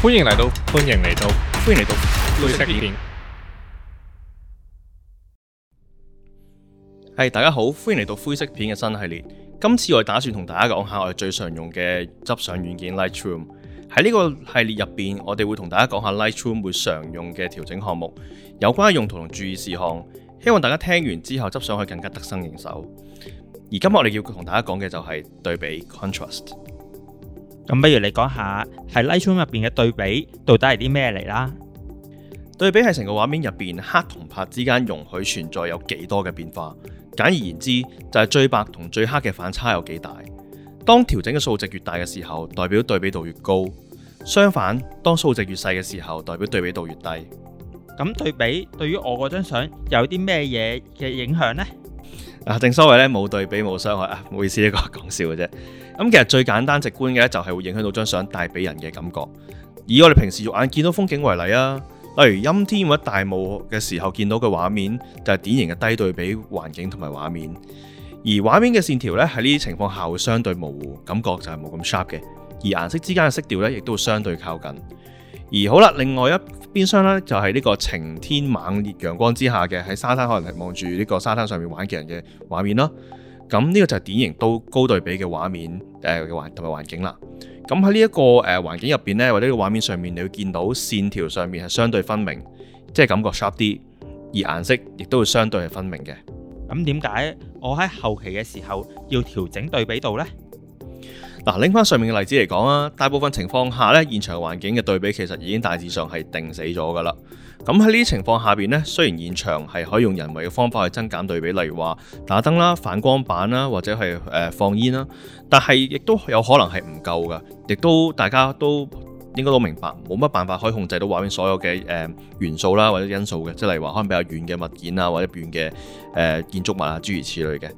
歡迎嚟到，歡迎嚟到，歡迎嚟到灰識片。係片、hey, 大家好，歡迎嚟到灰識片嘅新系列。今次我哋打算同大家講下我哋最常用嘅執相軟件 Lightroom。喺呢個系列入邊，我哋會同大家講下 Lightroom 會常用嘅調整項目，有關嘅用途同注意事項。希望大家聽完之後執相可以更加得心應手。而今日我哋要同大家講嘅就係對比 Contrast。Cont 咁不如你講下，喺 Lightroom 入邊嘅對比到底係啲咩嚟啦？對比係成個畫面入邊黑同白之間容許存在有幾多嘅變化。簡而言之，就係最白同最黑嘅反差有幾大。當調整嘅數值越大嘅時候，代表對比度越高。相反，當數值越細嘅時候，代表對比度越低。咁對比對於我嗰張相有啲咩嘢嘅影響呢？嗱，正所謂咧，冇對比冇傷害啊！唔好意思，呢個講笑嘅啫。咁其實最簡單直觀嘅咧，就係會影響到張相帶俾人嘅感覺。以我哋平時肉眼見到風景為例啊，例如陰天或者大霧嘅時候見到嘅畫面，就係典型嘅低對比環境同埋畫面。而畫面嘅線條咧，喺呢啲情況下會相對模糊，感覺就係冇咁 sharp 嘅。而顏色之間嘅色調咧，亦都會相對靠近。而好啦，另外一邊廂呢，就係呢個晴天猛烈陽光之下嘅，喺沙灘可能係望住呢個沙灘上面玩嘅人嘅畫面咯。咁呢個就係典型到高對比嘅畫面誒環同埋環境啦。咁喺呢一個誒環境入邊呢，或者個畫面上面你會見到線條上面係相對分明，即係感覺 sharp 啲，而顏色亦都會相對係分明嘅。咁點解我喺後期嘅時候要調整對比度呢？嗱，拎翻上面嘅例子嚟講啊，大部分情況下呢，現場環境嘅對比其實已經大致上係定死咗噶啦。咁喺呢啲情況下邊呢，雖然現場係可以用人為嘅方法去增減對比，例如話打燈啦、反光板啦，或者係誒放煙啦，但係亦都有可能係唔夠嘅。亦都大家都應該都明白，冇乜辦法可以控制到畫面所有嘅誒元素啦，或者因素嘅，即係例如話可能比較遠嘅物件啊，或者遠嘅建築物啊，諸如此類嘅。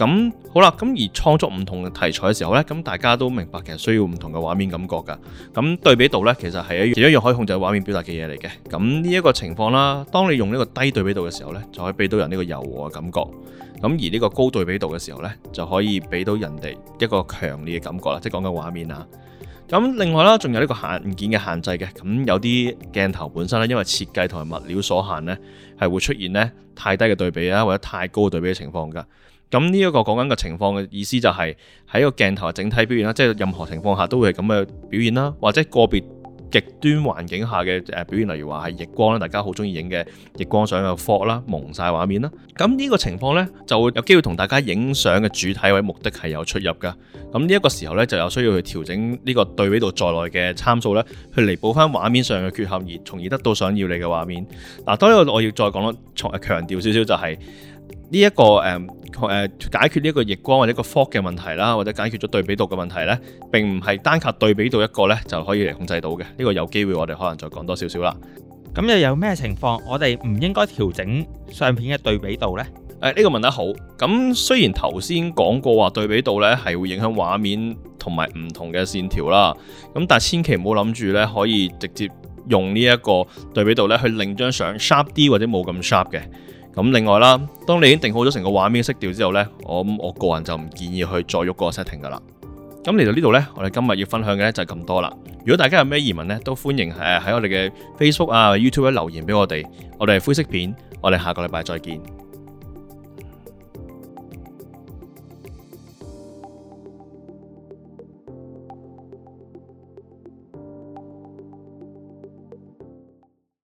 咁好啦，咁而創作唔同嘅題材嘅時候呢，咁大家都明白其實需要唔同嘅畫面感覺噶。咁對比度呢，其實係一樣一樣可以控制畫面表達嘅嘢嚟嘅。咁呢一個情況啦，當你用呢個低對比度嘅時候呢，就可以俾到人呢個柔和嘅感覺。咁而呢個高對比度嘅時候呢，就可以俾到人哋一個強烈嘅感覺啦，即係講緊畫面啊。咁另外啦，仲有呢個硬件嘅限制嘅。咁有啲鏡頭本身呢，因為設計同埋物料所限呢，係會出現呢太低嘅對比啊，或者太高對比嘅情況噶。咁呢一個講緊嘅情況嘅意思就係喺個鏡頭嘅整體表現啦，即係任何情況下都會係咁嘅表現啦，或者個別極端環境下嘅誒表現，例如話係逆光啦，大家好中意影嘅逆光相嘅科啦，蒙晒畫面啦。咁呢個情況呢，就會有機會同大家影相嘅主體或者目的係有出入㗎。咁呢一個時候呢，就有需要去調整呢個對比度在內嘅參數呢，去彌補翻畫面上嘅缺陷而從而得到想要你嘅畫面。嗱，當然我我要再講一重強調少少就係。呢一、這個誒誒、嗯呃、解決呢一個逆光或者個 fog 嘅問題啦，或者解決咗對比度嘅問題呢，並唔係單靠對比度一個呢就可以嚟控制到嘅。呢、這個有機會我哋可能再講多少少啦。咁又有咩情況我哋唔應該調整相片嘅對比度呢？誒呢、呃這個問得好。咁雖然頭先講過話對比度呢係會影響畫面同埋唔同嘅線條啦，咁但係千祈唔好諗住呢可以直接用呢一個對比度呢去令張相 sharp 啲或者冇咁 sharp 嘅。咁另外啦，當你已經定好咗成個畫面色調之後呢，我我個人就唔建議去再喐個 setting 噶啦。咁嚟到呢度呢，我哋今日要分享嘅呢就係咁多啦。如果大家有咩疑問呢，都歡迎誒喺我哋嘅 Facebook 啊、YouTube 留言俾我哋。我哋係灰識片，我哋下個禮拜再見。